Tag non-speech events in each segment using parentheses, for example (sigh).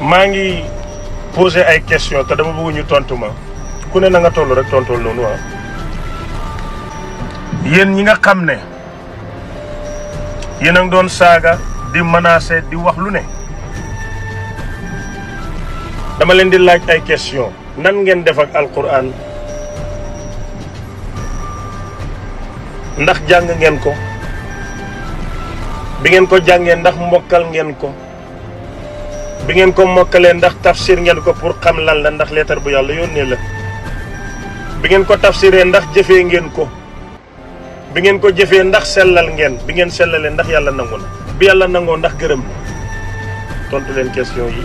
maa ngi posé ay question te dama bëgg ñu tontu ma ku ne na nga toll rek tontool noonu waaw ah. yéen ñi nga xam ne yéen a ngi doon saaga di menacer di wax lu ne dama leen di laaj ay question nan ngeen def ak alquran ndax jàng ngeen ko bi ngeen ko jàngee ndax mbokkal ngeen ko bi ngeen ko mokkalee ndax tafsir ngeen ko pour xam lan la ndax leetar bu yàlla yónnee la bi ngeen ko tafsiree ndax jëfee ngeen ko bi ngeen ko jëfee ndax sellal ngeen bi ngeen sellalee ndax yàlla nangu na bi yàlla nangoo ndax gërëm na tontu leen question yi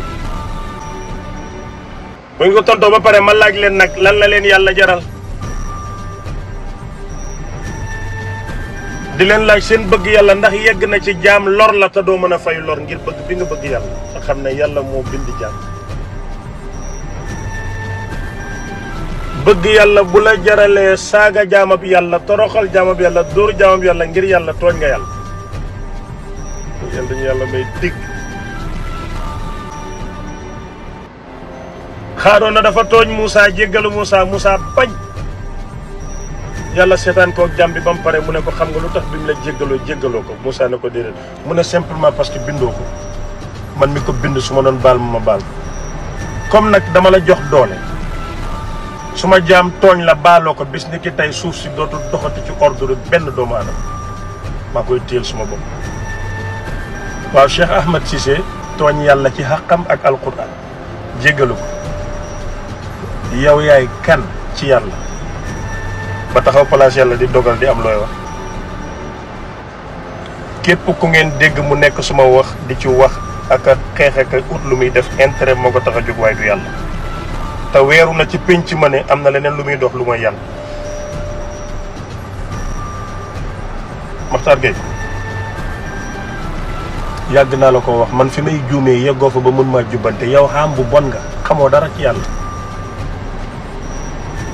bu ngeen ko tontoo ba pare ma laaj leen nag lan la leen yàlla jaral di leen laaj seen bëgg yàlla ndax yegg na ci jaam lor la te doo mën a fay lor ngir bëgg bi nga bëgg yàlla nga xam ne yàlla moo bind jaam bëgg yàlla bu la jaralee saaga jaamab yàlla toroxal jaamab yàlla dóor jaamab yàlla ngir yàlla tooñ nga yàlla yàlla may dégg xaaroon na dafa tooñ Moussa jéggalu Moussa Moussa bañ yàlla seetaan ko ak jàmm bi ba mu pare mu ne ko xam nga lu tax bi mu la jéggaloo jéggaloo ko Moussa ne ko déedéet mu ne simplement parce que bindoo ko man mi ko bind su ma doon baal ma baal comme nag dama la jox doole su ma jaam tooñ la baaloo ko bis ni ki tey suuf si dootul doxati ci ordre benn doomu ma koy téyel suma bopp waaw Cheikh Ahmed Cissé tooñ yàlla ci xàqam ak alquran jéggalu ko yow yaay kan ci yàlla ba taxaw place yàlla di dogal di am looy wax képp ku ngeen dégg mu nekk suma wax di ci wax ak a xeex ak ut lu muy def intérêt moo ko tax a jóg waaye du yàlla te weeru na ci pénc ma ne am na leneen lu muy dox lu mooy yàlla Makhtar Gueye yàgg naa la ko wax man fi may juumee yeggoo fa ba mën maa jubbante yow xam bu bon nga xamoo dara ci yàlla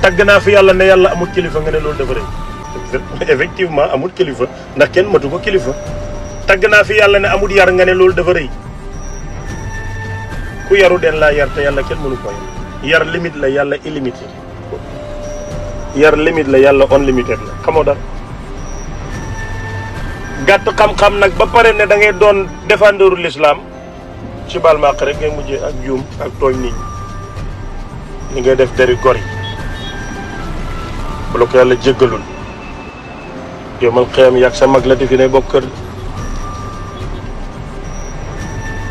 tàgg naa fi yàlla ne yàlla amul kilifa nga ne loolu dafa rëy effectivement amul kilifa ndax kenn matu ko kilifa tagg naa fi yàlla ne amul yar nga ne loolu dafa rëy ku yaru den laa yar te yàlla kenn mënu ko yar limite la yàlla illimité yar la yàlla unlimited la xamoo dara gàtt xam-xam nag ba pare ne da ngay doon défendeuru lislaam ci balmaaq rek ngay mujjee ak juum ak tooñ nii ñi li ngay def deri gor yi bu la ko yàlla jéggalul yomal xiyam yàgg sa mag la di fi ne bokk kër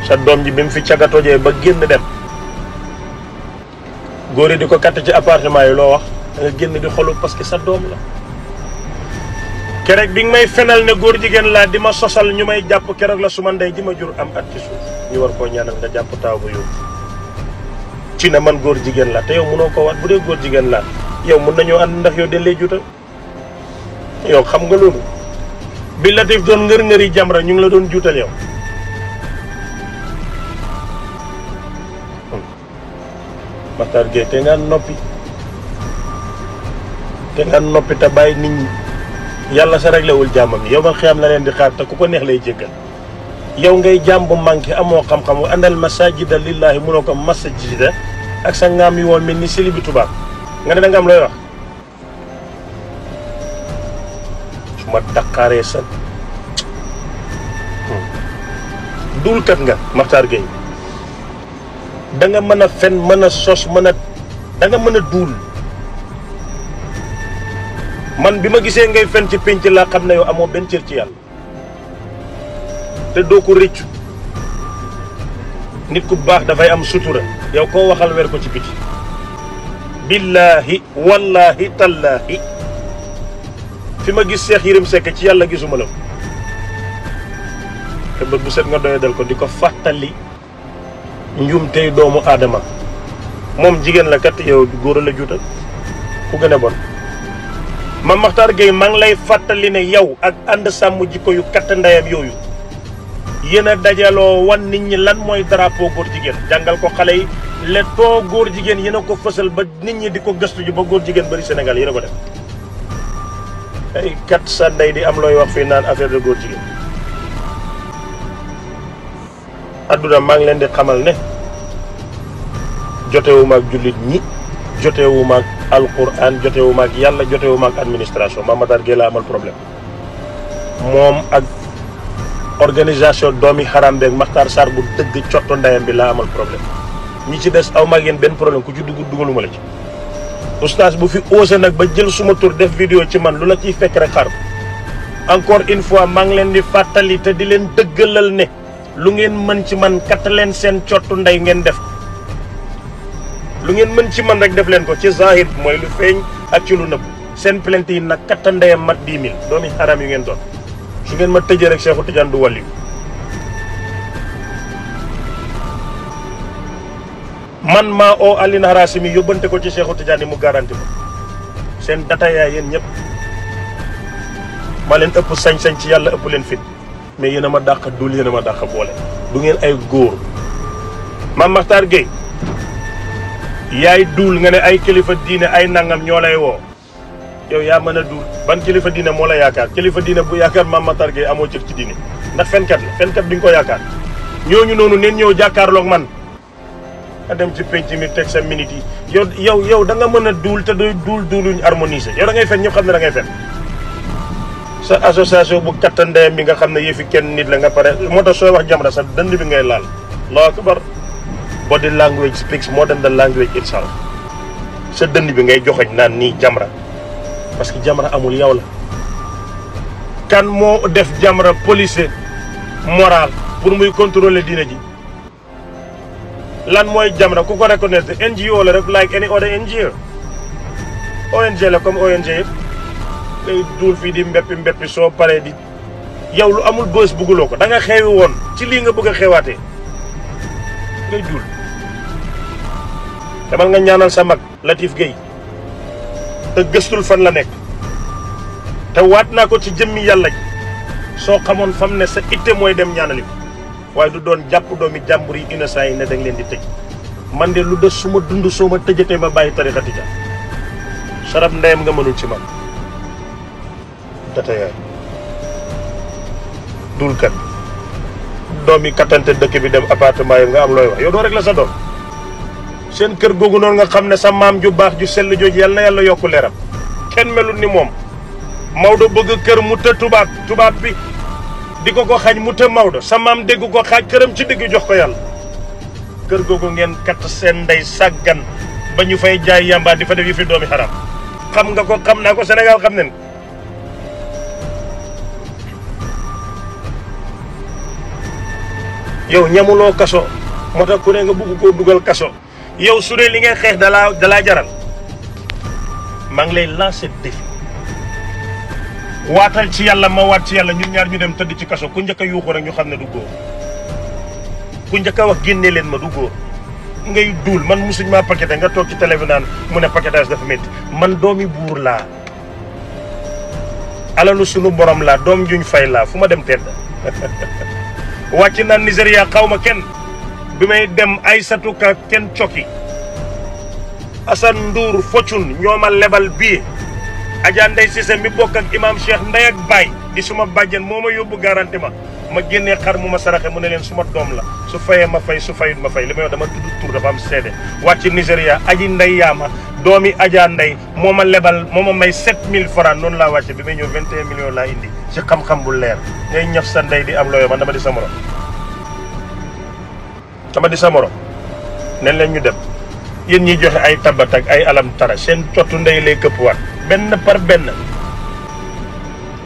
sa doom ji bi mu fi cagatojee ba génn dem góor yi di ko katt ci appartement yi loo wax da nga génn di xolu parce que sa doom la keroog bi nga may fenal ne góor jigéen laa di ma sosal ñu may jàpp keroog la su ma ndey ji ma jur am at ci suuf ñu war koo ñaanal nga jàpp taabu bu yóbbu ci ne man góor jigéen laa te yow mënoo ko waat bu dee góor jigéen laa yow mun nañoo ànd ndax yow dellee juutal yow xam nga loolu bi Latif doon ngër-ngëri Jamra ñu ngi la doon juutal yow Matar Gueye te nga noppi te nga noppi te bàyyi nit ñi yàlla sa réglewul jàmmam yow ma xiyam la leen di xaar te ku ko neex lay jéggal yow ngay jàmm bu manqué amoo xam-xam andal masajida lillahi munoo ko masajida ak sa ngaam yi woon mel ni sili tubaab nga ne da am lay wax su ma daqaaree sa hmm. duulkat nga Makhtar Gueye danga mën a fen mën a sos mën a da mën a duul man bi ma gisee ngay fen ci pénc laa xam ne yow amoo benn cër ci yàlla te doo ko rëccu nit ku baax dafay am sutura yow koo waxal weer ko ci biti billaahi wallaahi tallaahi fi ma gis seex Yérim Seck ci yàlla gisuma la te bët bu set nga doyadal ko di ko fàttali njuumtey doomu aadama moom jigéen la kat yow góor la juutal ku gën a bon Mame Makhtar Gueye maa lay fàttali ne yow ak ànd sàmm jikko yu katt ndeyam yooyu yéen a dajaloo wan nit ñi lan mooy drapeau góor jigéen jàngal ko xale yi lettoo góor jigéen yéen a ko fësal ba nit ñi di ko gëstu ji ba góor jigéen bëri Sénégal yéen a ko def ay kat sa ndey di am looy wax fi naan affaire de góor jigéen adduna maa ngi leen di xamal ne jotewuma ak jullit ñi jotewuma ak alquran jotewuma ak yàlla jotewuma ak administration Mame Matar Gueye la amal problème moom ak organisation doomi xaram beeg Makhtar Sarr bu dëgg cotto ndeyam bi laa amal problème ñi ci des aw mag benn problème ku ci dugg dugaluma la ci oustaz bu fi osé nag ba jël suma tur def vidéo ci man lu la ciy fekk rek xaar encore une fois maa ngi leen di fàttali te di leen dëggalal ne lu ngeen mën ci man katt leen seen cottu ndey ngeen def ko lu ngeen mën ci man rek def leen ko ci zahir mooy lu feeñ ak ci lu nëbb seen plainte yi nag katt ndeyam mag 10 000 doomi xaram yu ngeen doon su ngeen ma tëjee rek Cheikhou Tidiane du wàlliyu man maa oo Alioune Harasimi yóbbante ko ci Cheikhou Tidiane mu garanti ko seen data yaay yéen ñëpp ma leen ëpp sañ-sañ ci yàlla ëpp leen fit mais yéen a ma dàq dul yéen a ma dàq boole du ngeen ay góor Mame Makhtar Gueye yaay duul nga ne ay kilifa diine ay nangam ñoo lay woo yow yaa mën a duul ban kilifa diine moo la yaakaar kilifa diine bu yaakaar Mame Makhtar Gueye amoo cër ci diine ndax fenkat la fenkat bi nga ko yaakaar ñooñu noonu neen ñëw jàkkaarloog man nga dem ci penc mi teg sa minute yi yow yow yow da nga mën a duul te du duul duuluñ harmoniser yow da ngay fen xam ne dangay ngay fen sa association bu kattandeyam bi nga xam ne yëfi kenn nit la nga pare moo tax soo wax jamra sa dënd bi ngay laal allahu akbar body language speaks more than the language itself sa dënd bi ngay joxoñ naan nii jamra parce que jamra amul yow la kan moo def jamra police moral pour muy contrôler diina ji lan mooy Jamra ku ko reconnaître NGO la rek like any other NGO ONG la comme ONG yëpp duul fii di mbéppi mbéppi soo paree di yow lu amul bës bugguloo ko da nga xewi woon ci lii nga bëgg a xewaatee ngay nga ñaanal sa mag Latif Gueye te gëstul fan la nekk te waat naa ko ci jëmmi yàlla soo xamoon fam ne sa itte mooy dem ñaanali waaye du doon jàpp doomi jàmbur yi innocent yi ne da nga leen di tëj man de lu des su ma dund soo ma tëjatee ma bàyyi tarixa tijaan sarab ndeyam nga mënul ci man tatayaay dulkat doom yi kattante dëkk bi dem appartement yi nga am looy wax yow doo rek la sa doom seen kër googu noonu nga xam ne sa maam ju baax ju sell jooju yàlla na yàlla yokku leeram kenn melut ni moom Maodo bëgg kër mu të tubaab tubaab bi di ko ko xañ mu të Maodo sa maam dégg ko xaaj këram ci dégg jox ko yàlla kër googu ngeen kat seen ndey sàggan ba ñu fay jaay yamba di fa def yi fi doomi xaram xam nga ko xam naa ko Sénégal xam nañ yow ñamuloo kaso moo tax ku ne nga bugg koo dugal kaso yow su dee li ngay xeex dalaa dalaa jaral maa ngi lay lancer défi waatal ci yàlla ma waat ci yàlla ñun ñaar ñu dem tëdd ci kaso ku njëkk a yuuxu rek ñu xam ne du góor ku njëkk wax génne leen ma du góor ngay duul man musuñ maa paqueté nga toog ci télé mu ne paquetage dafa métti man doomi buur laa alalu sunu borom laa doom juñ fay laa fu ma dem tedd (laughs) wàcc naan Nigéria xaw kenn bi may dem ay satuka kenn coki Assane Ndour foccun ñooma lebal bii Adja Ndeye Cissé mi bokk ak imaam Cheikh Ndeye ak Baye di suma bàjjen moo ma yóbbu garanti ma ma génnee xar mu ma saraxe mu ne leen suma doom la su fayee ma fay su fayut ma fay li may dama tudd tur dafa am seede wàcc Nigéria aji Ndeye yaama doomi Adja Ndeye moo ma lebal moo ma may 7000 francs noonu laa wàcce bi may ñëw 21 laa indi ci xam-xam bu leer ngay ñaf sa ndey di am looyo man dama di di sa morom nen leen ñu dem yen ñuy joxe ay tabat ak ay alam tara ndey lay këpp benn par benn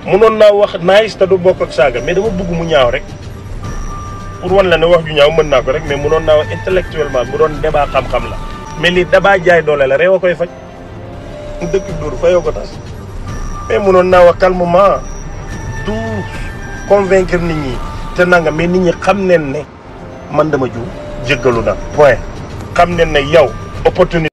mënoon naa wax nice te du bokk ak saaga mais dama bugg mu ñaaw rek pour wan la ne wax ju ñaaw mën naa ko rek mais mënoon naa wax intellectuellement bu doon débat xam-xam la mais lii débat jaay doole la réew a koy faj dëkk dóor fayoo ko tas mais mënoon naa wax calmement du convaincre nit ñi te nanga mais nit ñi xam neen ne man dama ju jéggalu na point xam ne ne yow